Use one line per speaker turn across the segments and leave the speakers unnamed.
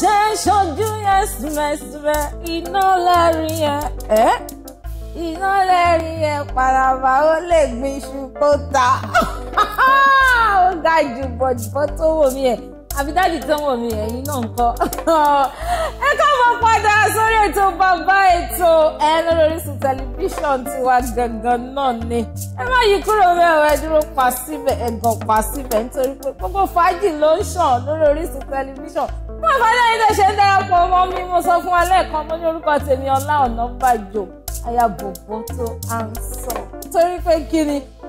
ṣe ń ṣojú yẹn síbẹ̀síbẹ̀ iná lẹ́rìí yẹn ẹ́ iná lẹ́rìí yẹn paraba ó lè gbin iṣu kó ta ó ga jù bọ̀jùbọ̀ tó wò mí yẹn àbídájì tó ń wò mí ẹ̀yin náà ń kọ́ ẹ káàbọ̀ padà sórí ètò bàbá ètò ẹ lórí Orísun tẹlifíṣàn tiwa gangan náà ni ẹ má yí kúrò mẹ́wàá ẹ dúró pa síbẹ̀ ẹ gàn pa síbẹ̀ nítorí pé gbogbo fàájì ló ń ṣàn lórí Orísun tẹlifíṣàn náà fàájì ẹ̀yin tẹ̀ ṣe ń darapọ̀ mọ́ mi mo sọ fún wa lẹ́ẹ̀kan mo ní orúkọ tèmi Ọlá Ọ̀nàbàjò ayabòbò tó à ń sọ nítorí pé kí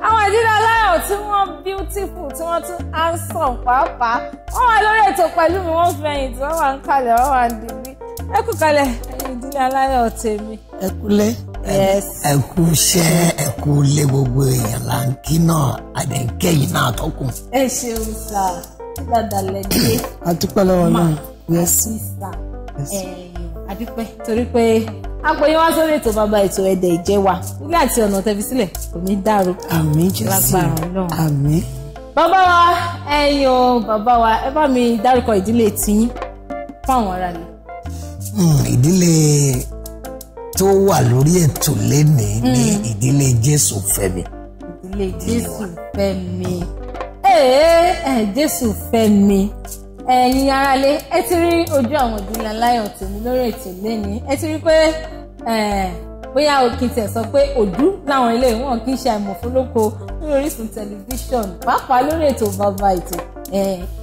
àwọn ìdílé aláyọ̀ tí wọ́n beautiful tí wọ́n tún handsome pàápàá wọ́n wà lórí ètò pẹ̀lú mi wọ́n fẹ̀yìn tí wọ́n wà ń kalẹ̀ wọ́n wà ń dìbí ẹ kú kalẹ̀ ẹ̀yin ìdílé aláyọ̀ tèmi.
ẹ kúlé ẹ kú iṣẹ́ ẹ kú lé gbogbo èèyàn láǹkì náà àdẹ̀kẹ́yìn náà tọkùn.
ẹ ṣeun sá dáadáa lẹ́dí.
a dúpẹ́ lọ́wọ́ náà. yes. ma mi sá ẹ̀yìn
adúpẹ́ torí pé agbóyin wá sórí ètò bàbá ètò ẹ̀dẹ̀ ìjẹwà ilé àti ọ̀nà tẹ́fi sílẹ̀ kò ní dàrú. àmín Jésù àmín. bàbá wa ẹ̀yin o bàbá wa ẹ bá mi dárúkọ ìdílé tiyín fáwọn ará mi.
Hmm, ìdílé tó wà lórí ètò lénìí hmm. ní ìdílé Jésù Fẹ́mi.
ìdílé Jésù Fẹ́mi. ẹ̀ẹ́ Jésù Fẹ́mi ẹ̀yin aráalé ẹ ti rí ojú àwọn ìdílé aláyọ̀ tèmi lórí ètò lẹ́ni ẹ ti rí pé bóyá o kì í tẹ̀ sọ pé òdú láwọn ilé wọn kì í ṣe àìmọ̀fólóko lórí Orísun tẹlifíṣọ̀n pàápàá lórí ètò bàbá ètò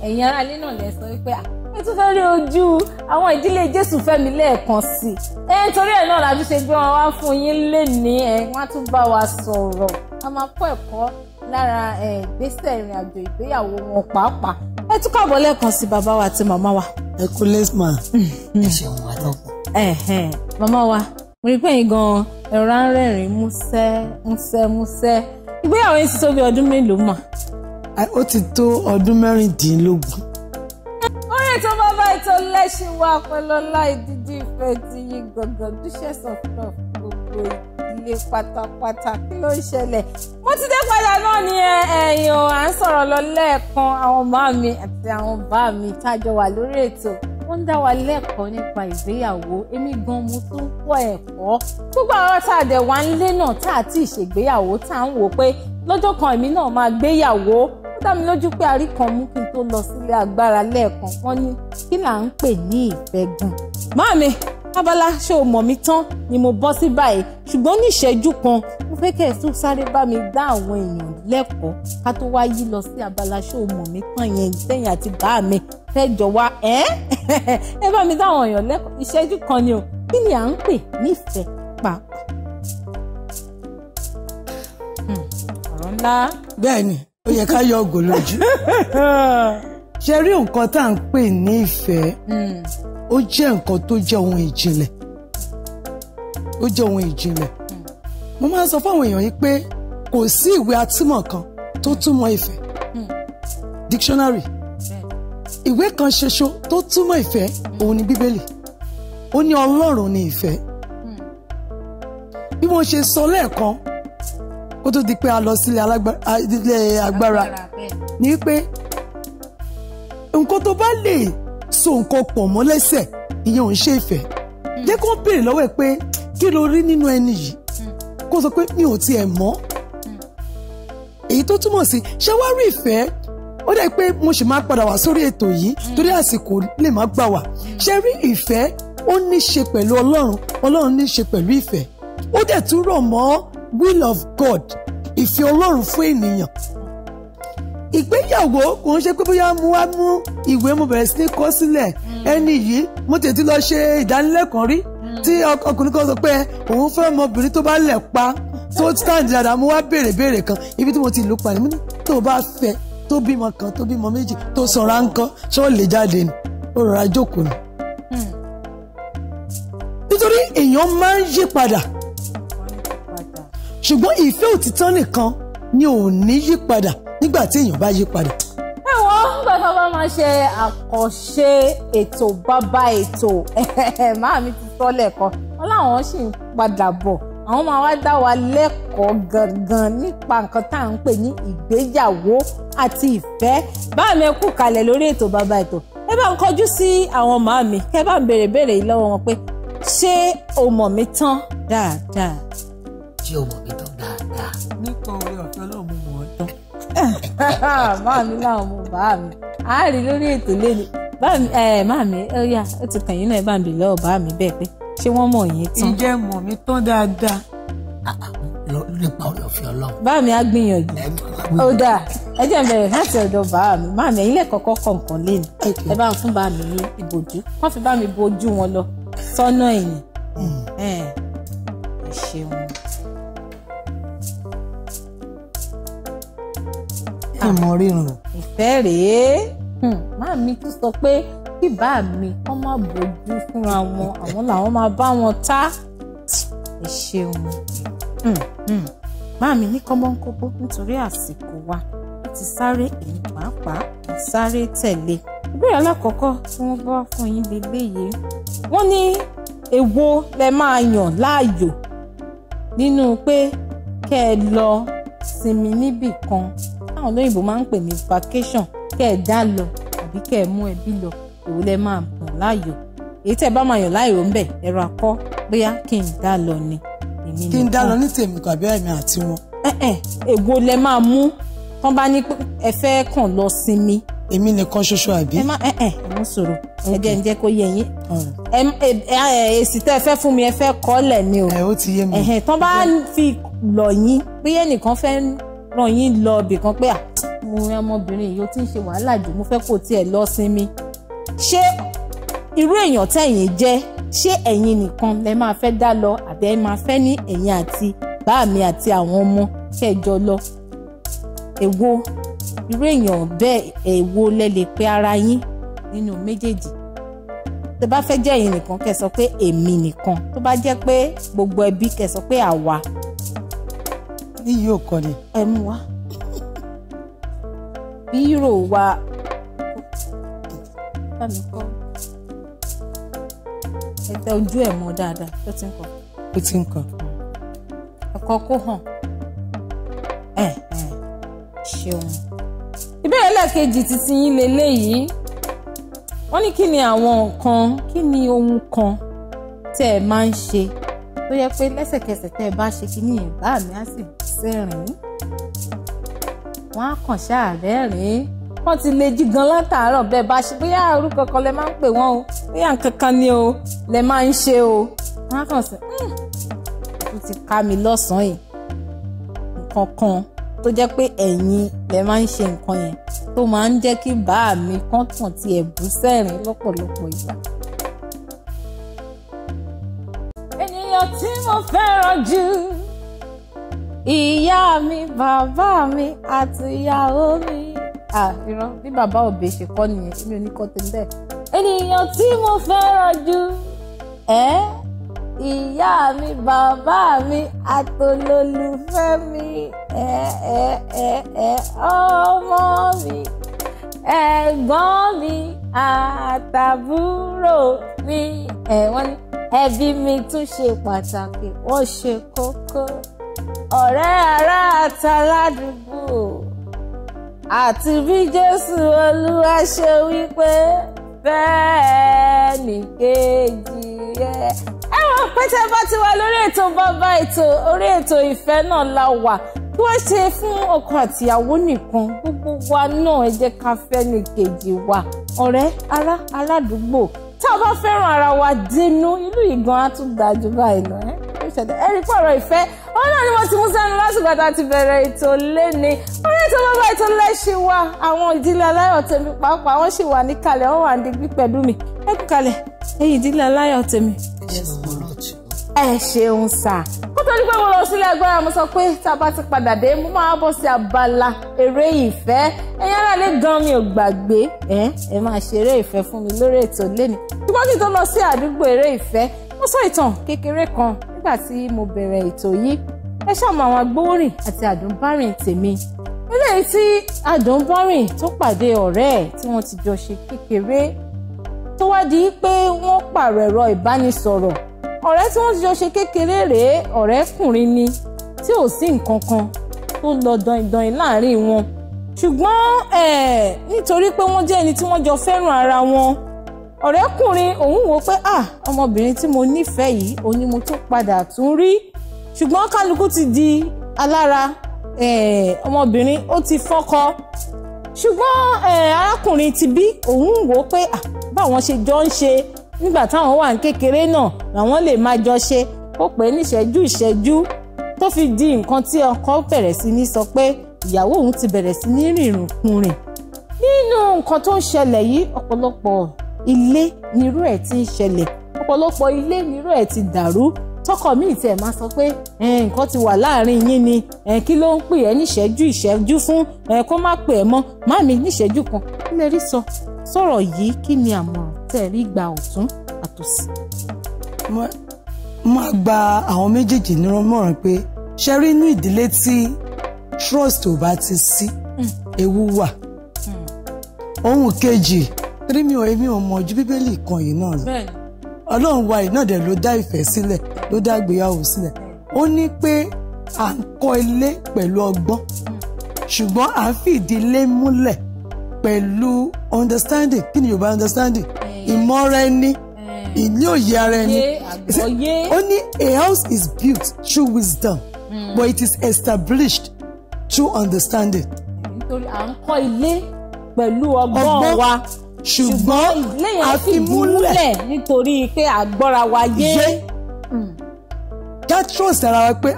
ẹ̀yin aráalé náà lẹ sọ pé ah, ẹ tún fẹ́ rí ojú àwọn ìdílé Jésù fẹ́mi lẹ́ẹ̀kan sí ẹ nítorí ẹ̀ náà la fi ṣe gbé wọn wá fún yín lẹ́ni ẹ wọ́n á tún bá wa sọ̀rọ̀ a máa kọ́ ẹ̀kọ́ lára ìgbésẹ̀ ìrìn ìgbéyàwó wọn pàápàá ẹ tún káàbọ̀ lẹ́ẹ̀kan sí bàbá wa àti màmá wa. ẹ kú
lẹ́sìmà hmm, hmm. ẹ ṣeun àtọ́kùn.
màmá wa mo rí pé yín gan-an ẹ̀rọ á ń rẹ́rìn-ín músẹ́ músẹ́ músẹ́ ìgbéyàwó yín ti tó bí ọdún mélòó mà.
ó ti tó ọdún mẹ́rìndínlógún.
orin tó bá bá ètò lẹ́sìn wa pẹ̀lú ọlá ìdíje ìfẹ́ ti yí gangan Duchess of gbogbo ìgbà le pátápátá ló ń ṣẹlẹ̀ mo ti dé padà náà ni ẹ̀yàn à ń sọ̀rọ̀ lọ lẹ́ẹ̀kan àwọn màámi àti àwọn bá mi tájọ wà lórí ètò wọ́n ń dá wa lẹ́kọ̀ọ́ nípa ìgbéyàwó èmi gan mo tún kọ́ ẹ̀kọ́ gbogbo àwọn tá a dẹ̀ wá ń lé náà tá a ti ṣègbéyàwó tá a ń wò pé lọ́jọ́ kan èmi náà máa gbéyàwó ó dá mi lójú pé àrí kan mú kí n tó lọ sílé agbára lẹ́ẹ̀kan wọ́n ní kí là ń pè ní ìfẹ́ gan. Màámi abala ṣé o mọ̀ mí tán ni mo bọ́ sí báyìí ṣùgbọ́n ní ìṣẹ́jú kan mo fẹ́ kẹ́ ẹ̀ tó sáré bá mi dá àwọn èèyàn lẹ́kọ̀ọ́ ká tó wá yí lọ sí abala ṣé o mọ̀ mí tán yẹn tẹ̀yìn àti bá mi fẹ́ jọ wá ẹ́ ẹ bá mi dá àwọn èèyàn lẹ́kọ̀ọ́ ìṣẹ́jú kan ni o kí ni à ń pè nífẹ̀ẹ́ pàápàá.
Hmm, ọ̀rọ̀ ńlá. bẹ́ẹ̀ni ó yẹ ká yọ ògò lójú ṣe rí nǹkan tá à ń pè ní ó jẹ́ nǹkan tó jẹ́ ohun ìjìnlẹ̀ ó jẹ́ ohun ìjìnlẹ̀ mo máa ń sọ fún àwọn èèyàn yìí pé kò sí ìwé atúmọ̀ kan tó túmọ̀ ìfẹ́ hmm. dictionary ìwé kan ṣoṣo tó túmọ̀ ìfẹ́ hmm. òun ni bíbélì ó ní ọlọ́run ni ìfẹ́ hmm. bí mo ṣe sọ lẹ́ẹ̀kan kó tó di pé a lọ sílé agbára ni pé nǹkan tó bá lè so nǹkan pọ̀ mọ́ lẹ́sẹ̀ ìyẹn ò ń ṣe ìfẹ́ hmm. jẹ́ kó béèrè lọ́wọ́ ẹ̀ pé kí lo rí nínú ẹni yìí hmm. kó sọ pé mi ò tiẹ̀ mọ̀ hmm. èyí tó túmọ̀ sí ṣé wá rí ìfẹ́ ó dẹ́ pé mo sì máa padà wá sórí ètò yìí torí àsìkò lè má gbà wá ṣe rí ìfẹ́ ó ní ṣe pẹ̀lú ọlọ́run ọlọ́run ní ṣe pẹ̀lú ìfẹ́ ó dẹ̀ tún rọ̀ mọ́ will of God ìfẹ́ ọlọ́run fún ènìyàn ìgbéyàwó kò ń ṣe pé bóyá mo wá mú ìwé mo bẹ̀rẹ̀ sí ní kọ sílẹ̀ hmm. ẹni yìí mo tètè lọ ṣe ìdánilẹ́kọ̀ọ́ rí hmm. tí ọkùnrin kan sọ pé òun fẹ́ ọmọbìnrin tó bá lẹ̀ pa tó stand dáadáa mo wá béèrè béèrè kan ibi tí mo ti lù pa ni mo ní tó bá fẹ́ tó bímọ kan tó bímọ méjì tó sanra ńkan ṣé ó lè jáde ni ó rọra jókòó ni. Hmm. nítorí èèyàn máa ń yí padà ṣùgbọ́n ìfẹ́ òtítọ́ nìkan ni ò ní yí padà nígbà tí èèyàn bá yí padà.
ẹ wọ nígbà tí wọn bá máa ṣe àkànṣe ètò bàbá ètò máa mi ti sọ lẹ́ẹ̀kan wọn làwọn sì ń padà bọ̀ àwọn máa wá dá wa lẹ́kọ̀ọ́ gangan nípa nǹkan tá à ń pè ní ìgbéyàwó àti ìfẹ́ bá mi kú kalẹ̀ lórí ètò bàbá ètò ẹ bá ń kọjú sí àwọn màá mi kẹ bá ń béèrè béèrè yìí lọ́wọ́ wọn pé ṣé o mọ̀ mi tán dáadáa. ṣé o mọ̀ máa mi láwọn ọmọ bàá mi a rí lórí ètò lẹ́nu máa mi ó yá ó ti kàn yín náà bá ń bì lọ́wọ́ bàá mi bẹ́ẹ̀ pé ṣé wọ́n mọ̀ yín tán. ǹjẹ́ mọ̀ mi tán dáadáa.
Ah, ah, nípa olùfẹ́ ọlọ́run.
bàá mi á gbìyànjú ó dáa ẹ jẹ́ bẹ̀rẹ̀ láti ọ̀dọ̀ bàá mi máa mi ẹ̀yin kọ̀ọ̀kan lẹ́nu ẹ bá ń fún bàá ní ìbòjú wọ́n fi bá mi wọn lọ sọ́nà ẹ̀yìn hmm. ẹ ṣeun. kàn mọ rírun. ìfẹ́ rèé máa hmm. mi tún sọ pé kí bá mi kọ́ má bójú fúnra wọn àwọn làwọn máa bá wọn ta ẹ ṣeun máa hmm. hmm. mi ní kọ́mọ́ńkóbó nítorí àsìkò wa ti sáré èyí pàápàá sáré tẹ̀lé ìbéèrè alákọ̀ọ́kọ́ tí wọ́n bá fún yín lélẹ́yìí wọ́n ní èwo lẹ máa yàn láàyò nínú pé kẹ́ ẹ lọ sinmi níbì kan táwọn olóyìnbó máa ń pè ní vacation kẹ́ ẹ̀ dá lọ àbí kẹ́ ẹ̀ mú ẹbí lọ èwo lẹ máa yàn láàyò èyí tẹ́ bá máa yàn láàyò ńbẹ̀ ẹ̀rọ akọ́ bóyá kí n dá lọ ni èmi nìkan. kí n dá lọ ní
tèmi tàbí ẹ̀mí àti wọn.
ẹ ẹ èwo lẹ máa mú tán bá ní ẹ fẹ́ kàn lọ sinmi èmi nìkan ṣoṣo àbí. ẹ má ẹ ẹ mo sọ̀rọ̀ ẹ jẹ́ ǹjẹ́ kó yé yín. ẹ èsì tẹ́ ẹ fẹ́ fún mi ẹ fẹ́ kọ́ lẹ̀ ni o. ẹ ó ti yé mi. tán bá fi lọ̀ yín pé ẹnìkan fẹ́ ràn yín lọ bìkan pé mo rin ọmọbìnrin yìí ó ti ń ṣe wàhálà jù mo fẹ́ kó tiẹ̀ lọ sinmi ṣé irú èèyàn tẹ̀yin jẹ́ ṣé ẹ̀yin nìkan lẹ máa fẹ́ dá lọ àbí ẹ máa fẹ́ ní ẹ̀yin àti bá mi àti àwọn ọmọ ṣẹ́jọ lọ èwo irú èèyàn bẹ́ẹ̀ èwo lẹ lè pe ara yín nínú méjèèjì tó bá fẹ́ jẹ́ ẹ̀yin nìkan kẹ́ sọ pé èmi nìkan tó bá jẹ́ pé gbogbo ẹbí kẹ́ sọ pé àwa iyì ò kàn ní. wa bírò wa bámi kọ́ ẹgbẹ́ ojú ẹ̀ mọ́ dáadáa tó ti ń kọ́. ó ti ń kọ́. ẹ̀kọ́ kó hàn ẹ̀ ẹ̀ ṣeun. ìbéèrè lẹ́ẹ̀kejì títí yín leléyìí wọ́n ní kí ni àwọn nǹkan kí ni ohun kan tẹ́ ẹ máa ń ṣe tó yẹ pé lẹ́sẹ̀kẹsẹ̀ tẹ́ ẹ bá ṣe kí ni ẹ̀ bá mi á sì sẹ́rìn wọ́n á kàn ṣáà rẹ́rìn-ín wọ́n ti lè jí gan látàárọ̀ bẹ́ẹ̀ bá ṣe bóyá àrùn kankan lẹ máa ń pè wọ́n o bóyá nǹkan kan ni o lẹ máa ń ṣe o wọ́n á kàn sí ó hmm, ti ká mi lọ́sàn-án yìí nǹkan kan tó jẹ́ pé ẹ̀yin lẹ máa ń ṣe nǹkan yẹn tó máa ń jẹ́ kí bá mi kán tàn ti ẹ̀bù sẹ́rìn lọ́pọ̀lọpọ̀ ìgbà. ènìyàn tí mo fẹ́ràn jù ìyá mi bàbá mi àti ìyàwó mi. ìran bí bàbá òbí ṣe kọ́ nìyẹn èmi ò ní kọ́ tèmi bẹ́ẹ̀. ènìyàn tí mo fẹ́ràn jù ẹ́ ìyá mi bàbá mi àtòlólùfẹ́ mi ẹ ẹ ẹ ẹ ọmọ mi ẹ̀gbọ́n mi àtàbúrò mi ẹ̀ wọ́n ní ẹbí mi tún ṣe pàtàkì wọ́n ṣe kókó ọ̀rẹ́ ará àtàládùúgbò àti bí Jésù Olúwa ṣe wí pé bẹ́ẹ̀ ni kejì rẹ̀. ẹ wọ́n pété bá ti wà lórí ètò bàbá ètò orí ètò ìfẹ́ náà la wà bí wọ́n ṣe fún ọkọ àtìyàwó nìkan gbogbo wa náà ẹ jẹ́ ká fẹ́ ní kejì wa ọ̀rẹ́ ará aládùúgbò tá a bá fẹ́ràn ara wa dínú ìlú ìgan á tún dájú báyìí lọ ṣẹ̀dá ẹ pọ̀rọ̀ ìfẹ́ òun ni mo ti mú sẹ́nu lásìkò ti bẹ̀rẹ̀ ètò lẹ́ni orí ètò bàbá ètò lẹ́sìn wa àwọn ìdílé aláyọ̀ tèmi pàápàá wọ́n sì wà níkàlẹ̀ wọ́n wà nídìí pẹ̀lú mi ẹ kú kalẹ̀ ẹ̀yin ìdílé aláyọ̀ tèmi. ẹ ṣeun sá kó tó ní pé mo lọ sílé agbára mo sọ pé tá a bá ti padà dé mo máa bọ̀ sí abala eré ìfẹ́ ẹ̀yin aráàlú gan mi ò gbàgbé ẹ ẹ máa ṣe eré ìfẹ́ fún mi lórí ètò lẹ́ni ṣùgbọ́n kí n tó lọ sí àdúgbò eré ìfẹ́ mo sọ ìtàn kékeré kan nígbà tí mo bẹ̀rẹ̀ ètò yìí ẹ ṣàmù àwọn agbórin àti àdùnbárìn tèmi eléyìí tí àdùnbárìn tó pàdé ọ̀rẹ́ ẹ̀ tí wọ́n ti jọ ṣe kékeré tó wá di pé wọ́n pààrọ̀ ẹ̀rọ ìbánisọ̀rọ̀ ọ̀rẹ́ tí wọ́n ti jọ ṣe kékeré rèé ọ̀rẹ́kùnrin ni tí ò sí nǹkan kan tó lọ dandan láàrin wọn ṣùgbọ́n nítorí pé wọ́n jẹ́ ẹni tí wọ́n jọ fẹ́ràn ara wọn ọ̀rẹ́kùnrin òun wò pé à ah, ọmọbìnrin tí mo nífẹ̀ẹ́ yìí òun ni mo tún padà tún rí ṣùgbọ́n kálukú ti di alára ọmọbìnrin ó ti fọ́kọ ṣùgbọ́n arákùnrin ti bí òun wò pé à ah, báwọn ṣe jọ ń ṣe nígbà táwọn wà ní kékeré náà làwọn lè máa jọ ṣe ó pè é níṣẹ́jú ìṣẹ́jú tó fi di nǹkan tí ọkọ bẹ̀rẹ̀ sí ní sọ pé ìyàwó òun ti bẹ̀rẹ̀ sí ní rìnrìn kùnrin nínú nǹkan tó ń ṣẹlẹ̀ yìí ọ̀pọ̀lọpọ̀ ilé nírú ẹ̀ ti ń ṣẹlẹ̀ ọ̀pọ̀lọpọ̀ ilé nírú ẹ̀ ti dàrú tọkọ míì tiẹ̀ máa sọ pé nǹkan ti wà láàrin yín ni kí ló ń pè ẹ́ níṣẹ́jú ìṣẹ́jú fún kó má pè ẹ́ mọ́ màmí níṣẹ́jú kan kí lè rí sọ sọ̀rọ̀ yìí kí ni àmọ̀ràn tẹ̀ rí gba
ọ̀tún àtòsí. máa gba àwọn méjèèjì nímọ̀ràn pé ṣe rí inú ìdílé tí trust ò bá ti sí hmm. ewu wà hmm. ohun kejì torí mi ò èmi ò mọ̀ ju bíbélì kan yìí náà lọ ọlọ́run wa yìí náà dẹ̀ ló dá ìfẹ́ sílẹ̀ ló dá ìgbéyàwó sílẹ̀ ó ní pé à ń kọ́ ilé pẹ̀lú ọgbọ́n ṣùgbọ́n à ń fi ìdílé múlẹ̀ pẹ̀lú understanding kí ni yorùbá understanding eh. ìmọ̀ra ẹni eh. ìní òye ara ẹni ó ní a house is built through wisdom mm. but it is established through understanding.
nítorí à ń kọ́ ilé pẹ̀lú ọgbọ́n wa
ṣùgbọ́n a fi múlẹ̀
nítorí pé àgbọ́ra wa yé
ká hmm. trust ara wa pé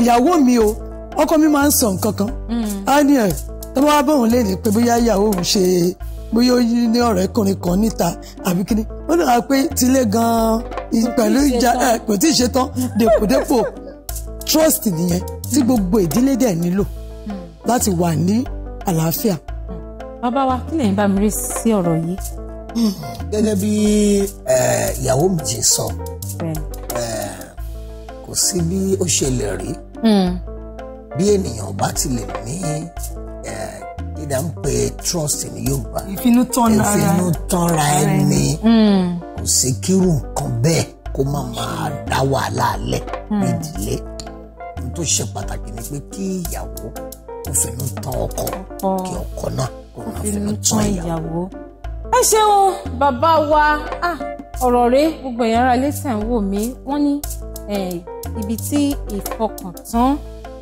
ìyàwó mi o ọkọ mi máa ń sọ nǹkan kan á hmm. ní ẹ tó bá bọ̀ òun lè ní pé bóyá ìyàwó òun ṣe bóyá ó ní ọ̀rẹ́kùnrin kan níta àbí kíni ó dàgbà pé tilé gan-an pẹ̀lú ìjà kò tí ì ṣe tán dèpòdépò trust nìyẹn tí gbogbo ìdílé dẹ̀ nílò hmm. láti wà ní àlàáfíà bàbá wa kí lẹ́yìn bá
mi rí sí ọ̀rọ̀ yìí.
gẹ́gẹ́ bí ìyàwó mi ti sọ kò sí bí ó ṣe lè rí hmm. bí ènìyàn bá ti lè ní kí ni à ń pè trust ní Yorùbá ìfinútọ́ra ẹni hmm. kò sí kírun nǹkan bẹ́ẹ̀ kó má máa dá wàhálà alẹ́ hmm. nídìílé ohun tó ṣe pàtàkì ni pé kí ìyàwó kó finú tán ọkọ kí ọkọ náà òun àfẹnu tán ìyàwó.
ẹ ṣeun bàbá wa ah, ọ̀rọ̀ rẹ gbogbo ẹ̀yàn ara ilé tẹ̀ ń wò mí wọ́n ní ibi tí ìfọkàntán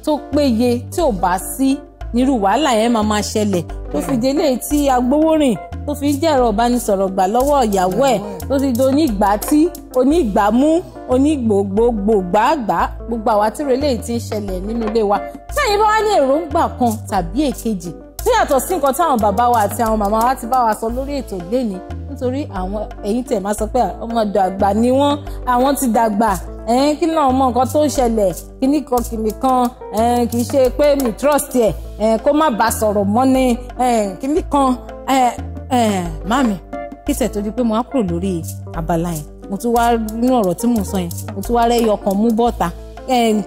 tó péye tí ò bá sí nírú wàhálà yẹn máa máa ṣẹlẹ̀ tó fi délé tí agbowórìn tó fi ń jẹ̀rọ ìbánisọ̀rọ̀ gbà lọ́wọ́ ìyàwó ẹ̀ tó ti di onígbàtí onígbàmú onígbògbògbògbàgbà gbogbo àwa tí relé yìí ti ń ṣẹlẹ̀ nínú ilé wa sẹ́yìn bá wá ní èròǹgbà kan tàbí èkejì yàtọ̀ sí nǹkan táwọn bàbá wa àti àwọn màmá wa ti bá wa sọ lórí ètò ìgbéni nítorí àwọn ẹ̀yin tẹ̀ máa sọ pé ọmọdé àgbà ni wọ́n àwọn ti dàgbà ẹ̀ẹ́n kí náà mọ nǹkan tó ń ṣẹlẹ̀ kíní kan kìnì kan ẹ̀ẹ́n kì í ṣe pé mi trust ẹ̀ ẹ̀ẹ́n kó má bàa sọ̀rọ̀ mọ́ ni ẹ̀ẹ́n kíní kan ẹ̀ẹ́n ẹ̀ẹ́n mami kí tẹ̀ tó di pé mo á kúrò lórí abala yẹn mo tún wá nínú ọ̀rọ̀ tí mò sọ yẹn mo tún wá rẹ́yọ kan mú bọ́ta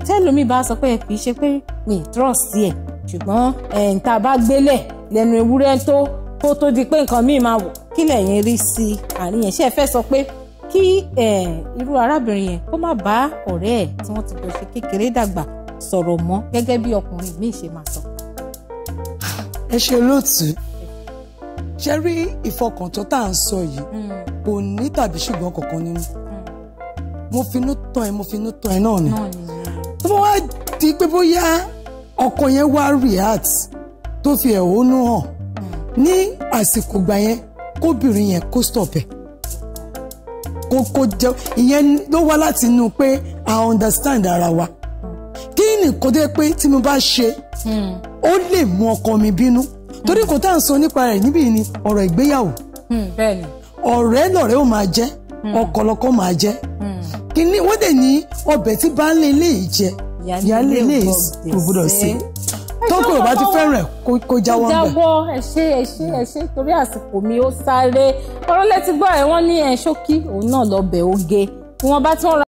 tẹ́lómi bá sọ pé kì í ṣe pé mi trust ẹ̀ ṣùgbọ́n tá a bá gbélẹ̀ lẹ́nu ewúrẹ́ tó kó tó di pé nǹkan míì máa wò kí lẹ̀yin rí sí àárín yẹn ṣe é fẹ́ sọ pé kí irú arábìnrin yẹn kó má bá ọ̀rẹ́ ẹ̀ tí wọ́n ti jọ ṣe kékeré dàgbà
sọ̀rọ̀ mọ́ gẹ́gẹ́ bí ọkùnrin míì ṣe máa sọ. ẹ ṣe lóòtú ṣe rí ìfọkàntán tá à ń sọ yìí hmm. kò ní tàbí ṣùgbọ́n kankan nínú hmm. mo finú tán ẹ mo finú tán ẹ náà ni tó bá wá di pé bóyá ọkọ yẹn wá react tó fi ẹ̀hónú hàn ní àsìkò gbà yẹn kóbìnrin yẹn kó stop ẹ̀ kó kó jẹ ìyẹn ló wá láti inú pé i understand ara wa kí nìkan dé pé tí mo bá ṣe ó lè mú ọkọ mi bínú torí kò tá à ń sọ nípa rẹ̀ níbí ni ọ̀rọ̀ ìgbéyàwó hmm, ọ̀rẹ́ lọ̀rẹ́ ó máa jẹ́ hmm. ọkọ lọkọ máa jẹ́ hmm. kí ni wọ́n dẹ̀ ní ọbẹ̀ tí bá ń lé ilé yìí jẹ
ìyáálé ilé kò gbọdọ̀ sí
tókùrò bá ti fẹ́ràn ẹ̀ kó jáwọ́ ń bẹ̀. jáwọ́
ẹ ṣe ẹ ṣe ẹ ṣe torí àsìkò mi ó sáré ọ̀rọ̀ lẹ́tí gbọ́ ẹ̀ wọ́n ní ẹ̀ ṣókí òun náà lọ bẹ̀ oge ìwọ̀nba tí wọ́n ra.